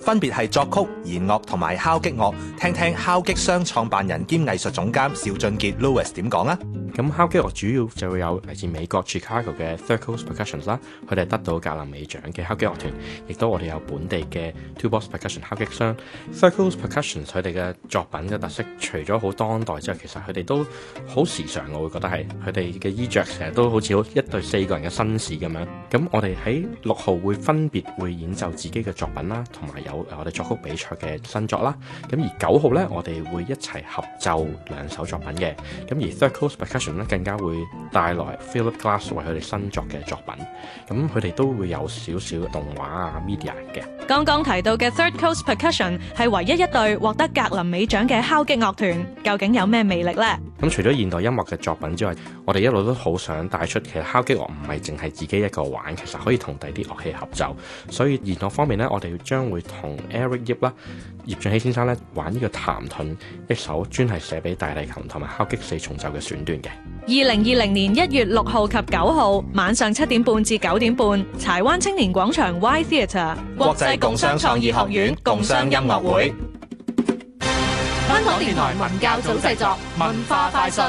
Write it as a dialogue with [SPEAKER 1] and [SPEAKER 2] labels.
[SPEAKER 1] 分別係作曲、弦樂同埋敲擊樂，聽聽敲擊商創辦人兼藝術總監邵俊傑 Louis 點講啊？咁敲擊樂主要就會有嚟自美國 Chicago 嘅
[SPEAKER 2] Third Coast Percussion 啦，佢哋得到格林美獎嘅敲擊樂團，亦都我哋有本地嘅 Toolbox Percussion 敲擊商。Third Coast Percussion 佢哋嘅作品嘅特色，除咗好當代之外，其實佢哋都好時尚，我會覺得係佢哋嘅衣着成日都好似一對四個人嘅紳士咁樣。咁我哋喺六號會分別會演奏自己嘅作品啦，同埋有，我哋作曲比賽嘅新作啦，咁而九號咧，我哋會一齊合奏兩首作品嘅，咁而 Third Coast Percussion 咧更加會帶來 Philip Glass 為佢哋新作嘅作品，咁佢哋都會有少少動畫啊 media 嘅。
[SPEAKER 3] 剛剛提到嘅 Third Coast Percussion 係唯一一隊獲得格林美獎嘅敲擊樂團，究竟有咩魅力呢？
[SPEAKER 2] 咁除咗現代音樂嘅作品之外，我哋一路都好想帶出其實敲擊樂唔係淨係自己一個玩，其實可以同第啲樂器合奏。所以現代方面呢，我哋將會同 Eric 葉啦，葉俊熙先生咧玩呢個譚盾，一首專係寫俾大提琴同埋敲擊四重奏嘅選段嘅。
[SPEAKER 3] 二零二零年一月六號及九號晚上七點半至九點半，柴灣青年廣場 Y Theatre 國際
[SPEAKER 1] 共商創意學院共商音樂會。
[SPEAKER 3] 香港電台文教組製作
[SPEAKER 1] 《文化快訊》。